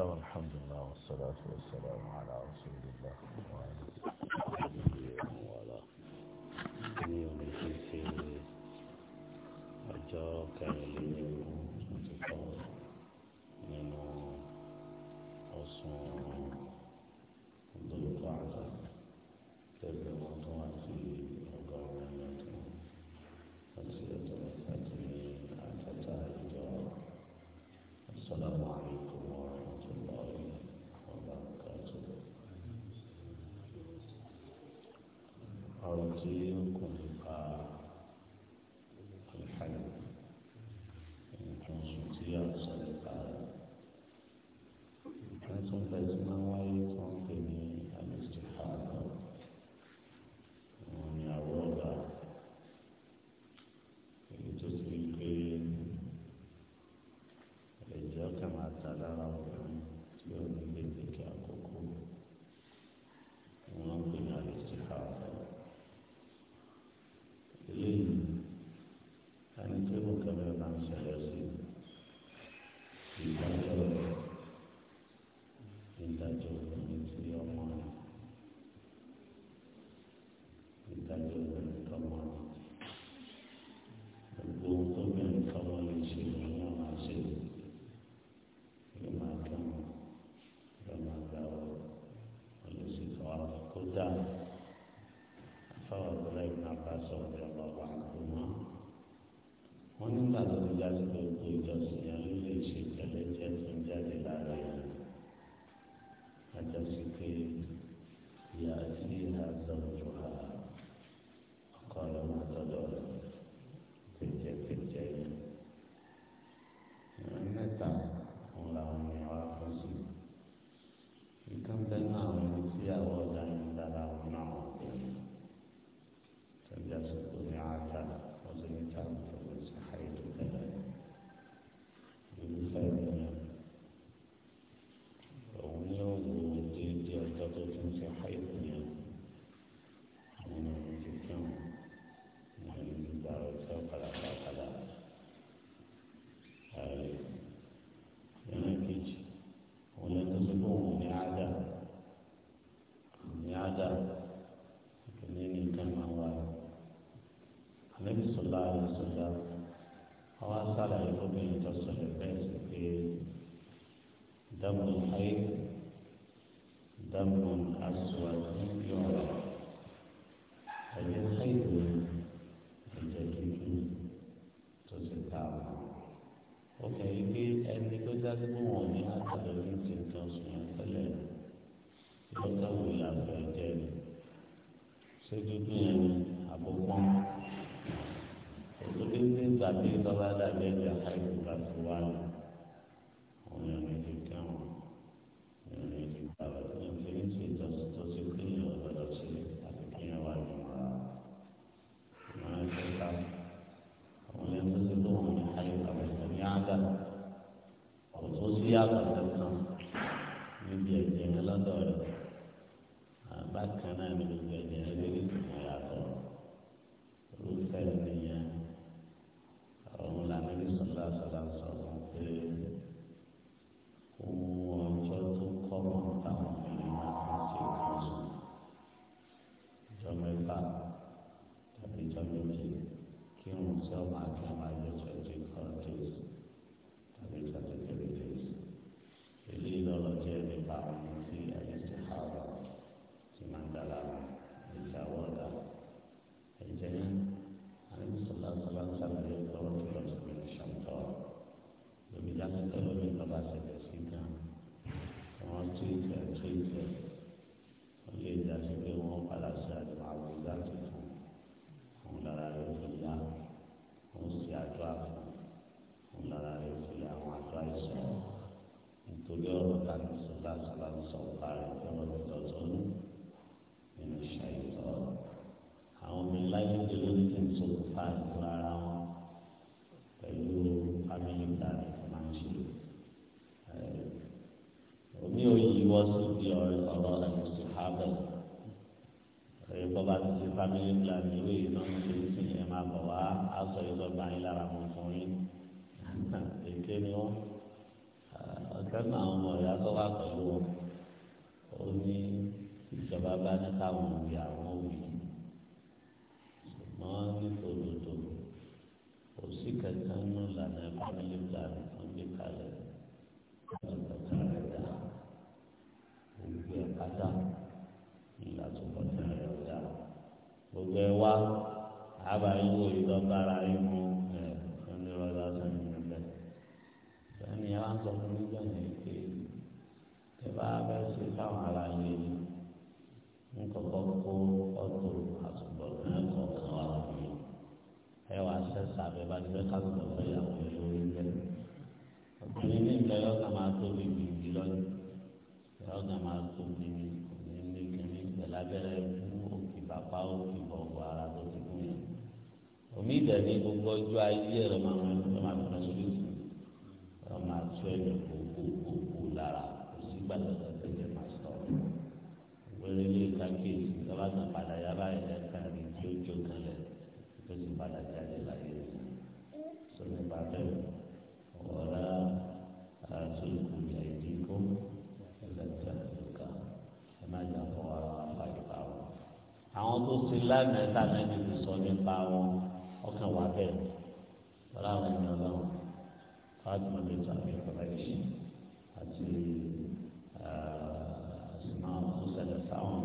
الله والحمد لله والصلاة والسلام على رسول الله وعلى الله وصحبه وسلم tí ó kù. dáa fáwọn ọ̀gbọ́n ibùdó àbáṣọ ọ̀gbẹ́ ọ̀gbà wà lọ́wọ́ wọn nígbà tó ti jáde pé gbogbo ìjọsìn yẹn ló lè ṣe tẹ̀lé tó. sàlàyé tó bẹ́ẹ̀ tó sọ̀rọ̀ bẹ́ẹ̀ sì pé dàmú ayé dàmú àsùwà ní yọ̀ọ̀rọ̀ ẹ̀jẹ̀ ayé ẹ̀jẹ̀ dúdú tó ti ta ọ̀. ó kẹ́ ẹ pé ẹni tó dájú pé wọn ò ní àtàlẹ́ ní ti tán sùn tẹ́lẹ̀ lọ́tàwé làbẹ̀ ẹ̀jẹ̀ rẹ̀ ṣé dúdú yẹn àbúkọ́ ìgbà tí tọ́ba dàbí ẹgbẹ́ àìsàn ìgbà tó wà ní òun yẹn ní ti kí àwọn yẹn ní ti gbà wọ́n tó ń ṣe ní ṣe tó ṣe kí ni ọ̀dọ̀ ṣe àti kí ni wà ní ọ̀rọ̀ àwọn yẹn tó ká àwọn yẹn tó ṣe tó wọn ní àìsàn ìgbà ní àdá ọ̀tún sí àgbà tẹ̀sán níbi ẹ̀jẹ̀ yẹn lọ́dọ̀ rẹ̀ bákan náà ní bá ti ṣe family plan ìwé ìlú ṣe ń sìn ẹ̀ máa bọ̀ wá aṣọ ìdọ́gba yín lára mọ̀ fún yín èké ni wọ́n ọ̀kẹ́ náà àwọn ọmọ ìyá tó wà pẹ̀lú wọn ó ní ìjọba bá ní káwọn òbí àwọn òbí ṣùgbọ́n nítorí òdòdó kò sí kẹta nínú ìlànà family plan tó kalẹ̀. ìwẹ̀ wa àbá yín wò yìí lọ́ba ara yín mú ẹ̀ ẹni rọ lásán ní ìbẹ̀. sani ẹ wá sọ fún níjọ yẹn pé ẹ bá bẹ ṣe fáwọn ara yẹn ni ń kọ́kọ́ kó ọ̀tọ̀ àtúbọ̀ ẹ̀ kọ̀ọ̀kan wà fún ẹ wàá ṣẹ́ sàbẹ̀ bá ti fẹ́ ká gbọ̀dọ̀ fẹ́ yàwó yẹn lórí. ojú ayé rẹ máa ń lọ máa tún ẹsọ lóṣù rẹ máa tún ẹyọ kókókókó lára òsì gbàdúrà tẹlẹ máa sọ wẹrẹ lé kákìsì tọ́ba kan padà yá báyìí lẹ́ka rí tí ó jó kalẹ̀ tó sì padà jáde láyé rẹ sọ nípa bẹ́ẹ̀ ọ̀rá àtúnkù yà ìdí kó ẹlẹ́tẹ̀ lóka ẹ má jà fún wa fà àwọn tó ti lánàá ẹ̀ tàn ẹ́ ti sọ nípa wọn ọkàn wà bẹ́ẹ̀ lọ́la àwọn ènìyàn lọ́wọ́ fáàtì mọ́tò tó àmì ìkọ̀lá yìí àti àṣìmọ́ àwọn ọ̀sẹ̀lẹ̀ fáwọn